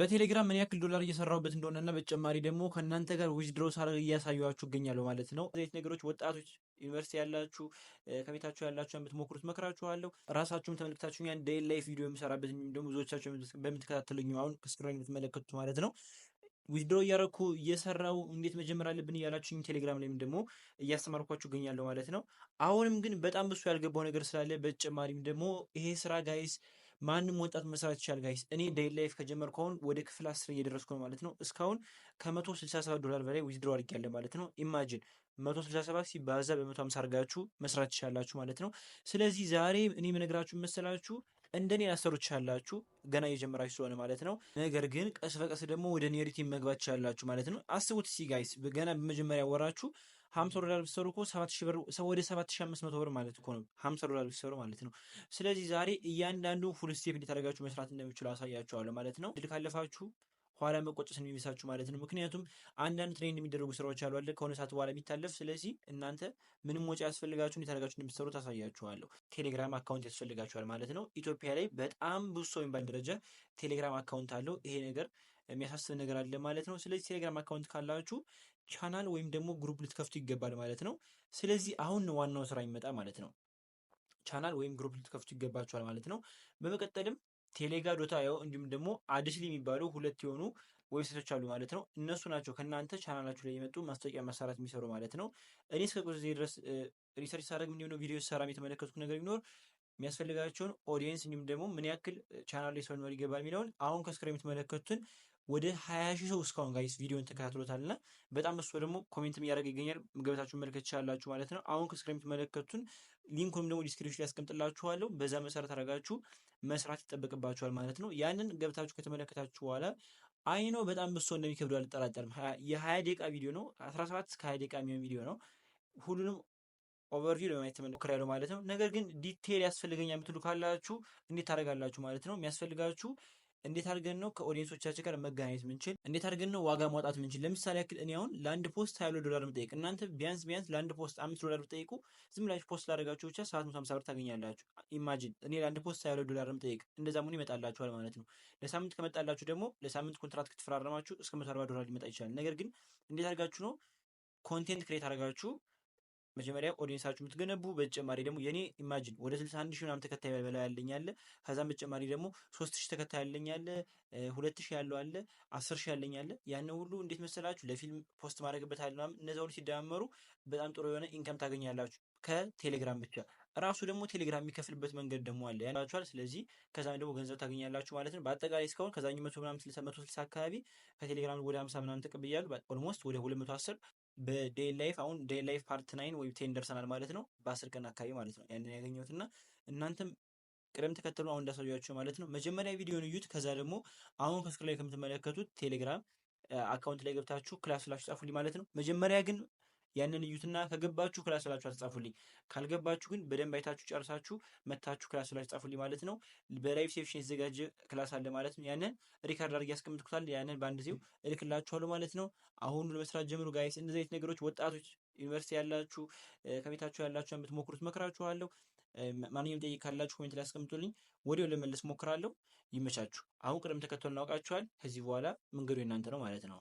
በቴሌግራም ምን ያክል ዶላር እየሰራሁበት እንደሆነና በተጨማሪ ደግሞ ከእናንተ ጋር ዊዝድሮ ሳደርግ እያሳየኋችሁ እገኛለሁ ማለት ነው። ዘይት ነገሮች ወጣቶች ዩኒቨርሲቲ ያላችሁ ከቤታችሁ ያላችሁ የምትሞክሩት መክራችኋለሁ። ራሳችሁም ተመልክታችሁ ያን ዴይ ላይፍ ቪዲዮ የምሰራበት ደግሞ ብዙዎቻችሁ በምትከታተሉኝ አሁን ከስክራኝ የምትመለከቱት ማለት ነው ዊዝድሮ እያረኩ እየሰራው እንዴት መጀመር አለብን እያላችሁኝ ቴሌግራም ላይም ደግሞ እያስተማርኳችሁ እገኛለሁ ማለት ነው። አሁንም ግን በጣም ብሱ ያልገባው ነገር ስላለ በተጨማሪም ደግሞ ይሄ ስራ ጋይስ ማንም ወጣት መስራት ይቻል ጋይስ። እኔ ዴይ ላይፍ ከጀመርኩ አሁን ወደ ክፍል አስር እየደረስኩ ነው ማለት ነው። እስካሁን ከመቶ ስልሳ ሰባት ዶላር በላይ ዊዝድሮ አድርጌያለሁ ማለት ነው። ኢማጂን መቶ ስልሳ ሰባት ሲባዛ በመቶ ሃምሳ አድርጋችሁ መስራት ትችላላችሁ ማለት ነው። ስለዚህ ዛሬ እኔ የምነግራችሁ መሰላችሁ እንደኔ ያሰሩ ትችላላችሁ ገና እየጀመራችሁ ስለሆነ ማለት ነው። ነገር ግን ቀስ በቀስ ደግሞ ወደ ኒሪቲ መግባት ትችላላችሁ ማለት ነው። አስቡት ሲ ጋይስ ገና በመጀመሪያ ወራችሁ ሀምሳ ዶላር ብትሰሩ እኮ ወደ ሰባት ሺህ አምስት መቶ ብር ማለት እኮ ነው። ሀምሳ ዶላር ብትሰሩ ማለት ነው። ስለዚህ ዛሬ እያንዳንዱ ፉል ስቴፕ እንዴት አድርጋችሁ መስራት እንደሚችሉ አሳያችኋለሁ ማለት ነው። ድል ካለፋችሁ ኋላ መቆጨት የሚመሳችሁ ማለት ነው። ምክንያቱም አንዳንድ ትሬንድ የሚደረጉ ስራዎች አሉ አለ ከሆነ ሰዓት በኋላ የሚታለፍ። ስለዚህ እናንተ ምንም ወጪ ያስፈልጋችሁ እንዴት አድርጋችሁ እንደምትሰሩ ታሳያችኋለሁ። ቴሌግራም አካውንት ያስፈልጋችኋል ማለት ነው። ኢትዮጵያ ላይ በጣም ብዙ ሰው የሚባል ደረጃ ቴሌግራም አካውንት አለው። ይሄ ነገር የሚያሳስብ ነገር አለ ማለት ነው። ስለዚህ ቴሌግራም አካውንት ካላችሁ ቻናል ወይም ደግሞ ግሩፕ ልትከፍቱ ይገባል ማለት ነው። ስለዚህ አሁን ዋናው ስራ ይመጣ ማለት ነው። ቻናል ወይም ግሩፕ ልትከፍቱ ይገባችኋል ማለት ነው። በመቀጠልም ቴሌጋ ዶታ ያው እንዲሁም ደግሞ አድስሊ የሚባሉ ሁለት የሆኑ ዌብሳይቶች አሉ ማለት ነው። እነሱ ናቸው ከእናንተ ቻናላችሁ ላይ የመጡ ማስታወቂያ መሰራት የሚሰሩ ማለት ነው። እኔ እስከ ቁዜ ድረስ ሪሰርች ሳደርግ ምን የሆነው ቪዲዮ ሰራም የተመለከትኩ ነገር ቢኖር የሚያስፈልጋቸውን ኦዲየንስ እንዲሁም ደግሞ ምን ያክል ቻናል ላይ ሰው ሊኖር ይገባል የሚለውን አሁን ከስክሪን የምትመለከቱትን ወደ 20 ሺህ ሰው እስካሁን ጋይስ ቪዲዮን ተከታትሎታል እና በጣም እሱ ደግሞ ኮሜንትም እያደረገ ይገኛል። ገብታችሁን መለከት ትችላላችሁ ማለት ነው። አሁን ከስክሪን የምትመለከቱን ሊንኩንም ደግሞ ዲስክሪፕሽን ያስቀምጥላችኋለሁ። በዛ መሰረት አድርጋችሁ መስራት ይጠበቅባችኋል ማለት ነው። ያንን ገብታችሁ ከተመለከታችሁ በኋላ አይ ነው በጣም ብሶ እንደሚከብዱ አልጠራጠርም የሀያ ደቂቃ ቪዲዮ ነው። አስራ ሰባት እስከ ሀያ ደቂቃ የሚሆን ቪዲዮ ነው። ሁሉንም ኦቨርቪው ለማየት ተመለክር ያለው ማለት ነው። ነገር ግን ዲቴይል ያስፈልገኛ የምትሉ ካላችሁ እንዴት ታደርጋላችሁ ማለት ነው የሚያስፈልጋችሁ እንዴት አድርገን ነው ከኦዲየንሶቻችን ጋር መገናኘት ምንችል፣ እንዴት አድርገን ነው ዋጋ ማውጣት ምንችል። ለምሳሌ ያክል እኔ አሁን ለአንድ ፖስት ሀያ ሁለት ዶላር ምጠይቅ፣ እናንተ ቢያንስ ቢያንስ ለአንድ ፖስት አምስት ዶላር ምጠይቁ፣ ዝም ብላችሁ ፖስት ላደረጋችሁ ብቻ ሰባት መቶ ሀምሳ ብር ታገኛላችሁ። ኢማጂን እኔ ለአንድ ፖስት ሀያ ሁለት ዶላር ምጠይቅ፣ እንደዛ መሆን ይመጣላችኋል ማለት ነው። ለሳምንት ከመጣላችሁ ደግሞ ለሳምንት ኮንትራት ክትፈራረማችሁ እስከ መቶ አርባ ዶላር ሊመጣ ይችላል። ነገር ግን እንዴት አድርጋችሁ ነው ኮንቴንት ክሬት አድርጋችሁ መጀመሪያ ኦዲንሳችሁ የምትገነቡ በተጨማሪ ደግሞ የኔ ኢማጂን ወደ 61 ሺህ ምናምን ተከታይ በላይ ያለኝ አለ። ከዛም በተጨማሪ ደግሞ 3 3000 ተከታይ ያለኝ አለ፣ 2000 ያለው አለ፣ 10000 ያለኝ አለ። ያን ሁሉ እንዴት መሰላችሁ ለፊልም ፖስት ማድረግበት አለ ምናምን፣ እነዚ ሁሉ ሲደማመሩ በጣም ጥሩ የሆነ ኢንከም ታገኛላችሁ ከቴሌግራም ብቻ። ራሱ ደግሞ ቴሌግራም የሚከፍልበት መንገድ ደግሞ አለ ያላችኋል። ስለዚህ ከዛ ደግሞ ገንዘብ ታገኛላችሁ ማለት ነው። በአጠቃላይ እስካሁን ከዛኝ መቶ ምናምን ስልሳ አካባቢ ከቴሌግራም ወደ ሀምሳ ምናምን ተቀብያለሁ። ኦልሞስት ወደ ሁለት መቶ አስር በዴይ ላይፍ አሁን ዴይ ላይፍ ፓርት ናይን ወይም ቴን ደርሰናል ማለት ነው። በአስር ቀን አካባቢ ማለት ነው ያንን ያገኘሁት እና እናንተም ቅደም ተከተሉ አሁን እንዳሳያቸው ማለት ነው። መጀመሪያ ቪዲዮን እዩት። ከዛ ደግሞ አሁን ከስክ ላይ ከምትመለከቱት ቴሌግራም አካውንት ላይ ገብታችሁ ክላስ ስላችሁ ጻፉልኝ ማለት ነው። መጀመሪያ ግን ያንን እዩትና ከገባችሁ ክላስ ላችሁ አትጻፉልኝ፣ ካልገባችሁ ግን በደንብ አይታችሁ ጨርሳችሁ መታችሁ ክላስ ላችሁ ጻፉልኝ ማለት ነው። በላይቭ ሴፕሽን የተዘጋጀ ክላስ አለ ማለት ነው። ያንን ሪካርድ አድርጌ ያስቀምጥኩታል። ያንን በአንድ ዜው እልክላችኋለሁ ማለት ነው። አሁኑ ለመስራት ጀምሩ ጋይስ። እንደዚህ አይነት ነገሮች ወጣቶች፣ ዩኒቨርሲቲ ያላችሁ፣ ከቤታችሁ ያላችሁ የምትሞክሩት መክራችኋለሁ። ማንኛውም ጠይቅ ካላችሁ ኮሜንት ላይ አስቀምጡልኝ፣ ወዲያው ለመለስ ሞክራለሁ። ይመቻችሁ። አሁን ቅደም ተከተሉ እናውቃችኋል። ከዚህ በኋላ መንገዱ የእናንተ ነው ማለት ነው።